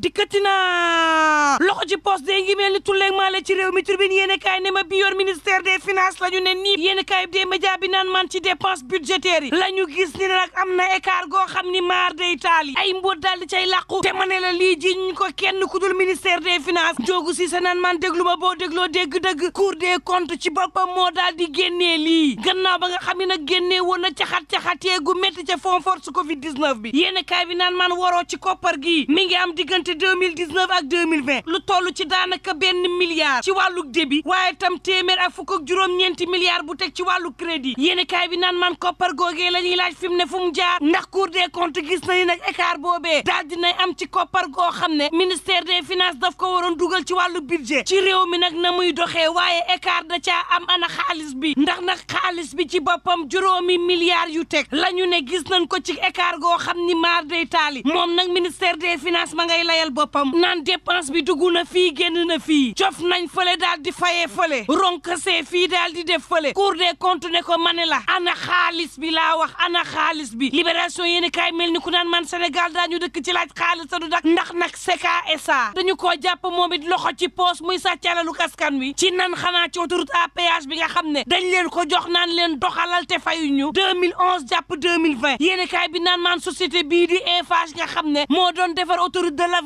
dikkati naa loxo ci poos de ngi mel ni tulleeg maale ci réew mi tribune yéen kaay ne bi yor ministère des finances la ñu ne nii yéen kaay bi naan man ci dépense budgétaire yi la ñu gis ni nag am na écart goo xam ni maar day taal ay mbóot daal di cay làqu te ma ne la lii ji ñu ko kenn ku dul ministère de finances joogu si sa naan man déglu ma boo dégloo dégg-dëgg cour des comptes ci boppam moo daal di génnee lii gannaaw ba nga xam ne nag génnee woon na caxat-caxatee gu ca fond force covid 19 bi yéen kaay bi naan man wa ci koppar gi mi ngi am diggante diggante 2019 ak 2020 lu tollu ci daanaka benn milliard ci wàllu débit waaye tam téeméer ak fukk ak juróom-ñeenti milliards bu teg ci wàllu crédit yéenekaay bi naan man koppar googee lañuy laaj fi mu ne fu mu jaar ndax Cour des comptes gis nañu nag écart boobee daal dinay am ci koppar goo xam ne ministère des finance daf ko waroon dugal ci wàllu budget ci réew mi nag na muy doxee waaye écart da caa am ana xaalis bi ndax nag xaalis bi ci boppam juróomi milliards yu teg la ñu ne gis nañ ko ci écart goo xam ni maar day taali moom nag ministère des finances ma ngay lay fayal boppam naan dépense bi dugg na fii génn na fii cof nañ fële daal di fayee fële ronkasee fii daal di def fële cour de comptes ne ko mane la ana xaalis bi laa wax ana xaalis bi libération yéeni kaay mel ni ku naan man Sénégal daañu dëkk ci laaj xaalis sa du dak ndax nag CKSA dañu koo jàpp moom it loxo ci poos muy sàccalalu kaskan wi ci nan xanaa ci autoroute à péage bi nga xam ne dañ leen ko jox naan leen doxalal te fayuñu 2011 jàpp 2020 yéeni kaay bi naan maan société bii di Eiffage nga ne moo doon defar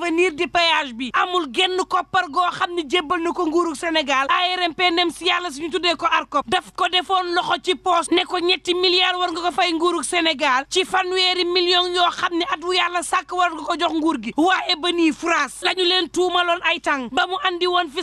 avenir di péage bi amul genn koppar goo xam ne jébbal na ko nguuru Sénégal ARMP ndem si yàlla suñu tuddee ko ARCOP daf ko defoon loxo ci poos ne ko ñetti milliards war nga ko fay nguuru Sénégal ci fanweeri million yoo xam ne at wu yàlla sàkk war nga ko jox nguur gi waaye ba nii France la ñu leen tuumaloon ay tàng ba mu andi woon fi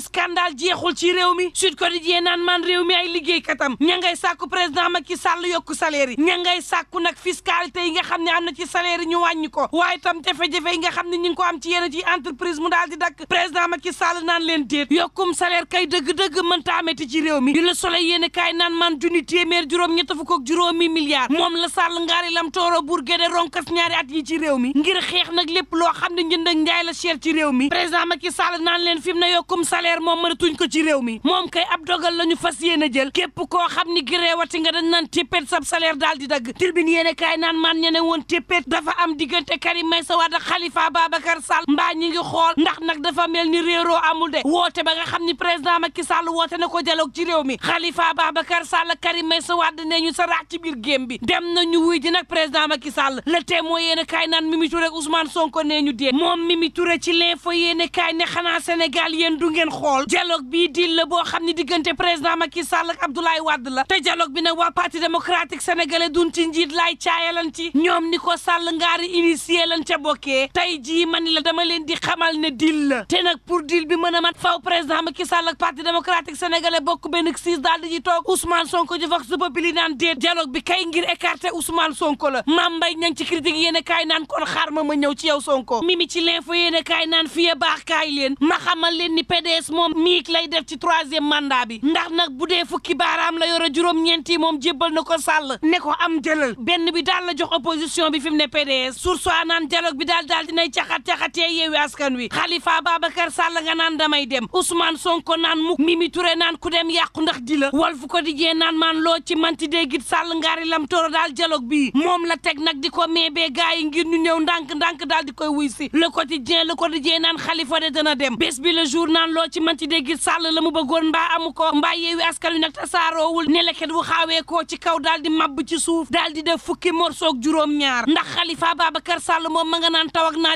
jeexul ci réew mi Sud Quotidien naan man réew mi ay liggéeykatam ña ngay sàkku président Macky Sall yokku salaire yi ña ngay sàkku nag fiscalité yi nga xam ne am ci salaire yi ñu ko waaye tam jafe-jafe nga xam ne ñu ngi ko am ci yenn jamono ji entreprise mu daal di dakk président Macky Sall naan leen déet yokkum salaire kay dëgg-dëgg mënta amati ci réew mi di Le Soleil yéen kaay naan man junni téeméer juróom ñett fukk ak juróomi milliards moom la Sall ngaari lam tooro bur géde ronkas ñaari at yi ci réew mi ngir xeex nag lépp loo xam ne njënd ak njaay la cher ci réew mi président Macky Sall naan leen fi mu ne yokkum salaire moom mënatuñ ko ci réew mi moom kay ab dogal la ñu fas yéen a jël képp koo xam ni gréewati nga dañ naan téppéet sab salaire daal di dagg tribune yéen naan man ñene woon téppéet dafa am diggante Karim Meïssa Wade Khalifa Babacar Sall mbaa ñi ngi xool ndax nag dafa mel ni réeroo amul de woote ba nga xam ni président makki Sall woote na ko dialogue ci réew mi Khalifa Babacar Sall Karim Meïssa Wade ne ñu saraax ci biir géem bi dem nañu wuy ji nag président Macky Sall le témoin yéen a kaay naan Mimi Touré Ousmane Sonko nee ñu dee moom Mimi Touré ci l'info yéen a kaay ne xanaa Sénégal yéen du ngeen xool dialogue bii dil la boo xam ni diggante président Macky Sall ak Abdoulaye Wade la te dialogue bi nag waa parti démocratique sénégalais dun ci n laay caayalan ci ñoom ni ko Sall ngaari initié lan ca bokkee tey jii leen di xamal ne deal la te nag pour deal bi mën a mat faaw président Macky Sall ak parti démocratique sénégalais bokk benn siis daal di ñuy toog Ousmane Sonko ji vox populi naan dee dialogue bi kay ngir écarter Ousmane Sonko la Mame Mbaye Niang ci critique yéen kon xaar ma ma ci yow Sonko mimi ci l'info yéen kaay naan fii baax kaay leen ma xamal leen ni PDS moom miik lay def ci troisième mandat bi ndax nag bu dee fukki baaraam la yore juróom-ñeent yi moom jébbal na ko Sall ne ko am jëlal bi daal la jox opposition bi fi mu ne PDS sursoir naan daal daal dinay caxat yeewi askan wi Khalifa Babacar salla nga naan damay dem Ousmane Sonko naan mukk Mimi Touré naan ku dem yàqu ndax di la Walf Quotidien naan maan loo ci manti déggit Sall ngaari lam toro daal dialogue bii moom la teg nag di ko meebee gars yi ngir ñu new ndànk-ndànk daal di koy wuy si Le Quotidien Le Quotidien naan xalifa de dana dem bés bi Le Jour naan loo ci manti déggit Sall la mu bëggoon mbaa amu ko mbaa yeewi askan wi nag wul ne leket wu xaawee ci kaw daal di mabb ci suuf daal di def fukki morsoog juróom ñaar ndax Khalifa Babacar Sall moom ma nga naan taw ak naa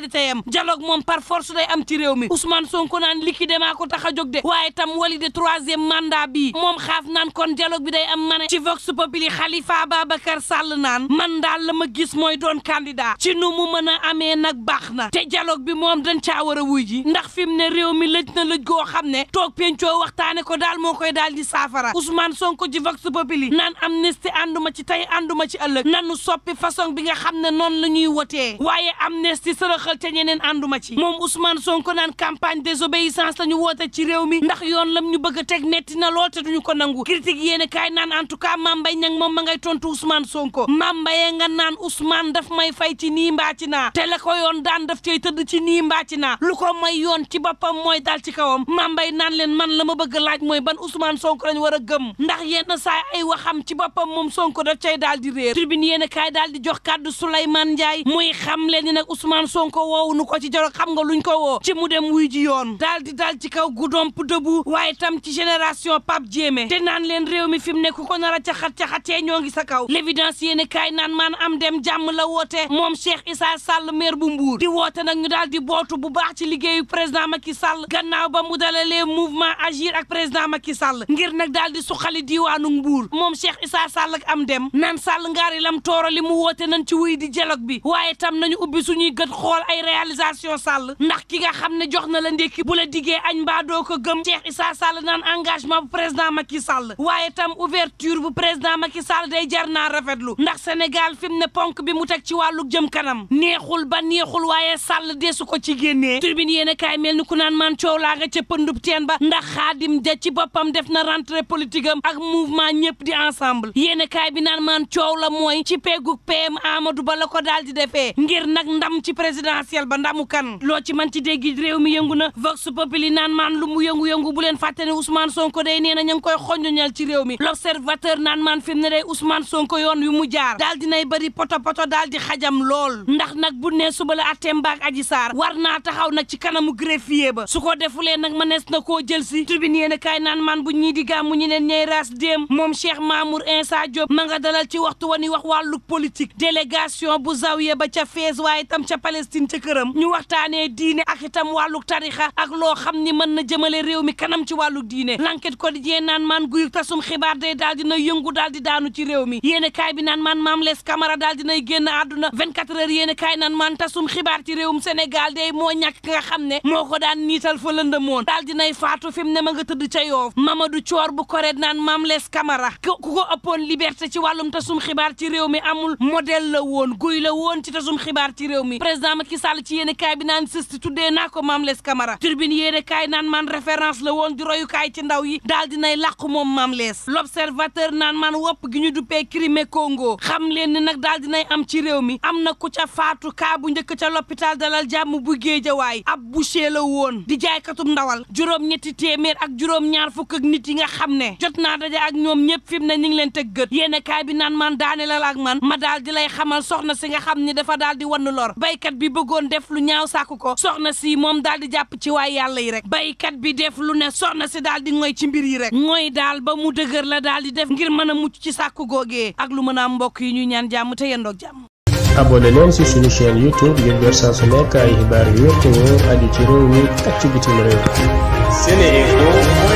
moom par force day am ci réew mi Ousmane Sonko naan liquide maa ko tax a jóg de waaye tam wali de troisième mandat bi moom xaaf naan kon dialogue bi day am mane ci Vox Populi Khalifa Ababacar Sall naan man daal la ma gis mooy doon candidat ci nu mu mën a amee nag baax na te dialogue bi moom dañ caa war a wuy ji ndax fi mu ne réew mi lëj na lëj goo xam ne toog pencoo waxtaane ko daal moo koy daal di saafara Ousmane Sonko ci Vox Populi naan amnistie ànduma ci tey ànduma ci ëllëg nanu soppi façon bi nga xam ne noonu la ñuy wotee waaye amnistie sërëxal te ñeneen ànduma ma ci moom Ousmane Sonko naan campagne désobéissance la woote ci réew ndax yoon lam ñu bëgg a teg netti na lool te duñu ko nangu critique yéen kaay naan en tout cas moom ma ngay tontu Ousmane Sonko Mame Mbaye nga naan Ousmane daf may fay ci nii mbaa ci naa te ko yoon daan daf cay tëdd ci nii mbaa ci naa lu ko may yoon ci boppam mooy dal ci kawam Mame naan leen man la ma bëgg laaj mooy ban Ousmane Sonko lañ war a gëm ndax yenn saa ay waxam ci boppam moom Sonko daf di réer tribune yéen kaay daal di jox kàddu Souleymane keroog xam nga luñ ko woo ci mu dem wuy ji yoon daal di daal ci kaw gudomp dëbu waaye tam ci génération Pape Diémé te naan leen réew mi fi mu nekk ko nar a caxat cee ñoo ngi sa kaw l'évidence yéene kaay naan maan am dem jàmm la woote moom ceex Issa Sall maire bu Mbour di woote nag ñu daal di bootu bu baax ci liggéeyu président Macky Sall gannaaw ba mu dalalee mouvement agir ak président Macky Sall ngir nag daal di suqali diiwaanu Mbour moom Cheikh Issa Sall am dem naan Sall ngaari lam tooro li mu woote nañ ci wuy di dialogue bi waaye tam nañu ubbi suñuy gët xool ay réalisation Aliou Sall ndax ki nga xam ne jox na la ndékki bu la diggee añ mbaa doo ko gëm Cheikh Issa Sall naan engagement bu président Macky Sall waaye tam ouverture bu président Macky Sall day jar naa lu ndax Sénégal fi mu ne ponk bi mu teg ci wàllu jëm kanam neexul ba neexul waaye Sall desu ko ci génnee tribune yéen kaay mel ni ku naan man coow laa nga ca pëndub teen ba ndax xaadim ja ci boppam def na rentrée politique am ak mouvement ñëpp di ensemble yéen kaay bi naan man coow la mooy ci peegug PM Amadou Ba la ko daal di defee ngir nag ndam ci présidentiel ba ndamu kan askan loo ci man ci dégg réew mi yëngu na vox populi naan maan lu mu yëngu-yëngu bu leen fàtte ne Ousmane Sonko day nee na ñu ngi koy xoññoñal ci réew mi l'observateur naan maan fi mu ne day Ousmane Sonko yoon wi mu jaar daal dinay bëri poto poto daal di xajam lool ndax nag bu ne suba la atteem baak aji saar war naa taxaw nag ci kanamu greffier ba su ko defulee nag mënees na koo jël si tribune yéen a kaay naan maan bu ñii di gàmmu ñu leen ñey ras déem moom Cheikh Mamour Insa Diop ma nga dalal ci waxtu wax wàllu politique délégation bu zawiya ba ca Fès waaye tam ca Palestine ca këram ñu waxtaanee diine ak itam wàlluk tarixa ak loo xam ni mën na jëmale réew mi kanam ci wàlluk diine ko l'enquête quotidien naan maan guy tasum xibaar day daal dina yëngu daal di daanu ci réew mi yéen kaay bi naan maan maam les kamara daal dinay génn àdduna 24 heures yéen kaay naan maan tasum xibaar ci réewum Sénégal day moo ñàkk nga xam ne moo ko daan niital fa lëndëmoon daal dinay faatu fi mu ne ma nga tëdd ca yoof Mamadou Coor bu koreet naan maam lees camara ku ko ëppoon liberté ci wàllum tasum xibaar ci réew mi amul modèle la woon guy la woon ci tasum xibaar ci réew mi président Macky Sall ci yéen kaay bi naan sësti tuddee naa ko Mame Less Camara turbine yéene kaay naan man référence la woon di royukaay ci ndaw yi daal nay làqu moom Mame Less l'observateur naan man wopp gi ñu duppee Crimée Congo xam leen ni nag daal nay am ci réew mi am na ku ca faatu kaa bu njëkk ca l'hôpital Dalal Jàmm bu Géejawaay ab boucher la woon di jaaykatum ndawal juróom-ñetti téeméer ak juróom-ñaar fukk ak nit yi nga xam ne jot naa daje ak ñoom ñëpp fi na ne ñu ngi leen tëggat yéene kaay bi naan man daane la ak man ma daal lay xamal soxna si nga xam ni dafa daal di wann lor baykat bi bëggoon def lu ñaaw sàkku ko soxna si moom daal di jàpp ci waay yàlla yi rek baykat bi def lu ne soxna si daal di ngoy ci mbir yi rek ngoy daal ba mu dëgër la daal di def ngir mën a mucc ci sàkku googee ak lu mën a am mbokk yi ñuy ñaan jàmm te yendoog jàmm abonné leen ci suñu chaîne youtube ngir jot saa su xibaar yu wér te wóor aju ci réew mi ak ci bitim réew